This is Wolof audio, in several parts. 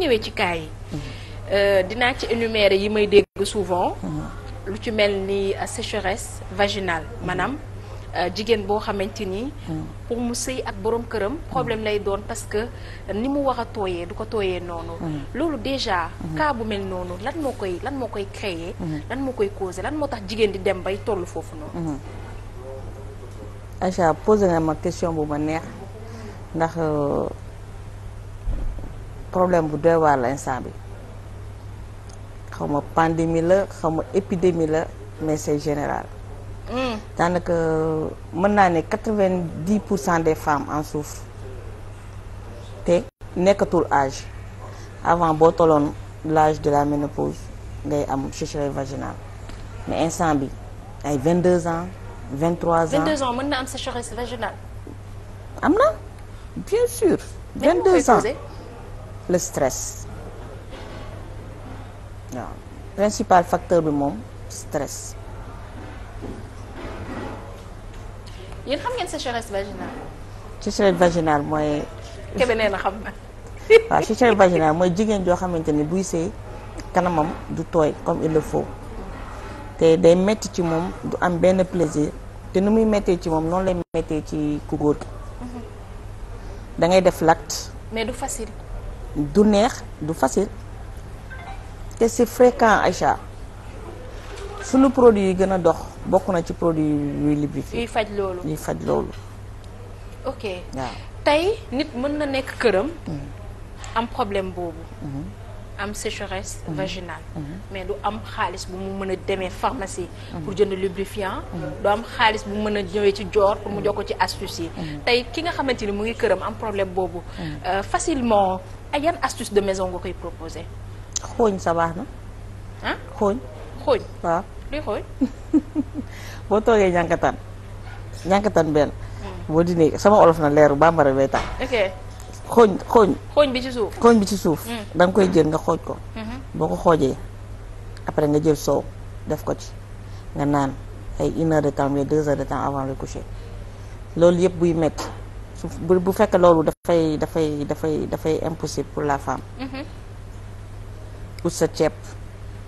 ñëwee ci cas yi euh, dinaa ci énumérer yi may dégg souvent lu ci mel ni euh, sécheresse vaginal maanaam euh, jigéen boo xamante ni pour mu sëy ak borom këram problème lay doon parce que ni mu war a tooyee du ko tooyee noonu loolu déjà cas mel noonu lan moo koy lan moo koy créer lan moo koy causer lan moo tax jigéen di dem bay toll foofu noonu Aïcha posé nga ma question bu ma neex ndax problème bu doy waar la instant bi ma pandémie la xaw ma épidémie la mais c'est général. Hmm. daanaka mën naa ne quatre-vingt-dix pour cent des femmes en souffrent te nekkatul âge avant boo toloon l'âge de la ménopause ngay am sécheresse vaginal mais instant bi ay vingt-deux ans vingt-trois ans vingt mën na am sécheresse vaginale. am na bien sûr. vingt-deux ans le stress waaw principal facteur bi moom stress. yéen xam ngeen sécheresse vaginale. sécheresse vaginale mooy. kebe nee na xam na. waaw sécheresse vaginale mooy jigéen joo xamante ni buy sëy kanamam du tooy comme il le faut te day metti ci moom du am benn plaisir te nu muy méttee ci moom noonu lay méttee ci ku góor gi mhm. def l'acte mais du facile. du neex du facile te c'est fréquent Aïcha sunu produit yi gën a dox bokk na ci produit yuy lubrifié. yuy faj loolu yuy faj loolu. ok waaw tey nit mën na nekk këram. Mm. am problème boobu. Mm-hmm. am sécheresse mhm. vaginale mhm. mais du am xaalis bu mu mën a demee pharmacie mhm. pour jënd lubrifiant du am xaalis bu mu mën a ñëwee ci joor pour mu jox ko ci astuce yi tey ki nga xamante ni mu ngi këram am problème boobu euh, facilement ay yan astuce de maison nga koy proposer xooñ sa baax na xooñ xooñ waaw luy xooñ boo toogee ñànkatan ñànkatan benn mm. boo dinee sama olof na leeru bambara bay tax xooñ xooñ. xooñ bi ci suuf. xooñ bi ci suuf. Mm. da nga koy jël nga xooj ko. Mm-hmm. boo ko xoojee après nga jël soow def ko ci nga naan ay une heure de temps mais deux heures de temps avant le coucher loolu yëpp buy metti su bu bu fekk loolu dafay dafay dafay dafay impossible pour la femme. Mm-hmm. ut sa ceeb.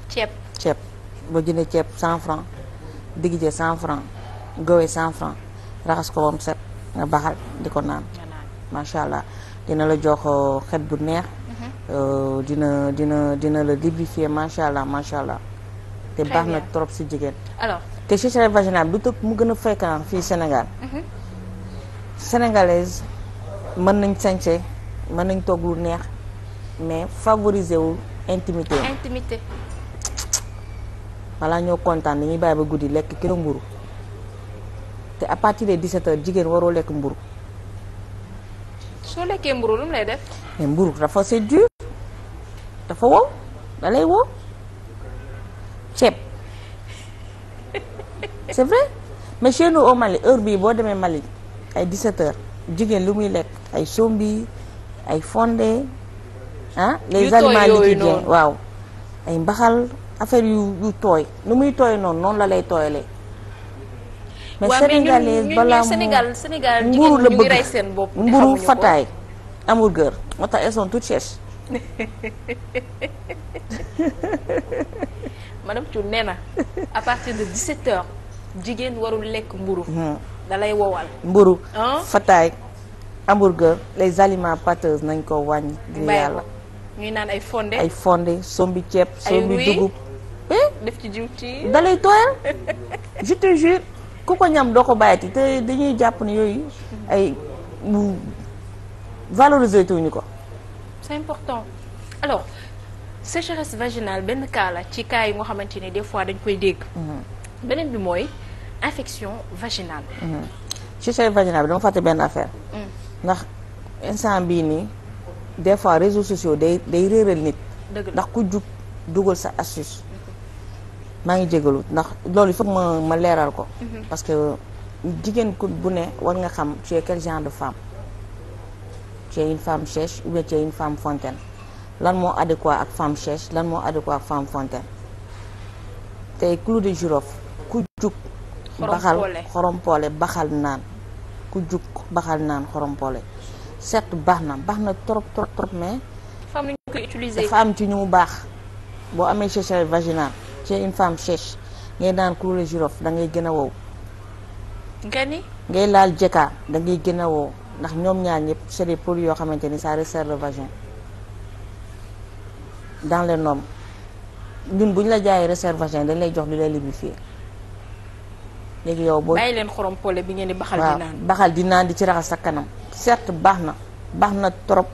ceeb ceeb boo jëndee ceeb cent franc digg cent franc gowee cent franc raxas ko ba mu set nga baxal di ko naan macha allah. dina la jox xet bu neex. Mhm. Euh, dina dina dina la lubrifier macha allah macha allah. te baax na trop si jigéen. alors te sécheresse vaginale lu tëb mu gën a fréquent fii Sénégal. Mhm. sénégalaise mën nañ sañse mën nañ toog lu neex mais favoriser wul intimité intimité. balaa ñoo kontaan dañuy bàyyi ba guddi lekk kilo mburu te à di de 17 jigéen waroo lekk mburu soo lekkee mburu lu mu lay def. mburu dafa c'est dur dafa wow da wow ceeb c'est vrai mais chez heure bii boo demee Mali ay 17 jigéen lu muy lekk ay sombi ay fonde ah. les aliments liquidiens waaw ay mbaxal affaire yu yu tooy lu muy tooy noonu noonu la lay tooyalee. mais sénégalais balaa Sénégal Sénégal mburu la seen bopp mburu fataay amul gër moo tax elles sont toutes chèches madame nee na à partir de jigéen warul lekk mburu hmm. da lay wowal mburu fataay hamburger les aliments pâteux nañ ko wàññi ngir yàlla ñuy naan ay fondé ay fondé sombi ceeb sombi dugub eh, def tooyal ku ko ñam doo ko bàyyati te dañuy jàpp ne yooyu ay valoriser tuñu ko c'est important alors sécheresse vaginale benn kaala ci kaa yi nga xamante ni des fois dañ koy dégg mm-hmm. beneen bi mooy infection vaginale mm-hmm. sécheresse vaginale bi dama fàtte benn affaire mm. ndax instant bii nii des fois réseaux sociaux day day réeral nit ndax ku jug dugal sa astuce maa ngi jégalu ndax loolu il ma ma leeral ko. Mhm. parce que jigéen ku bu ne war nga xam tu es quel genre de femme. tu es une femme sèche ou femme fontaine lan moo adéquat ak femme sèche lan moo adéquat ak femme fontaine tey clou de girofle ku jug. baxal xorompoole baxal naan ku jug baxal naan xorompoole certes baax na baax na trop trop trop mais. dafa am ci ñu mu baax boo amee sécheresse vaginale. tu es une femme sèche ngay naan kuréel girofle da ngay gën a wow. nga ni. ngay laal jëkka da ngay gën a wow ndax ñoom ñaar ñëpp c'est des produits yoo xamante ni saa resserre le vagin dans les normes ñun bu la jaayee resserre dañ lay jox di lay lubrifier. léegi yow boo bàyyi leen xorom pole bi ngeen di baxal di naan baxal di naan di ci raxas sa kanam certes baax na baax na trop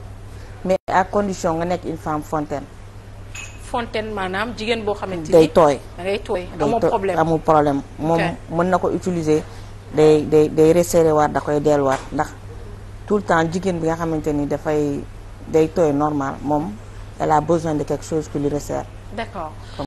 mais à condition nga nekk une femme fontaine. fontaine maanaam jigéen boo xamante ni day tooy da ngay tooy amul problème amul problème moom mën na ko utiliser day day day resserré waat da koy delluwaat ndax tout le temps jigéen bi nga xamante ni dafay day tooy normal moom elle a besoin de quelque chose qui lui resserre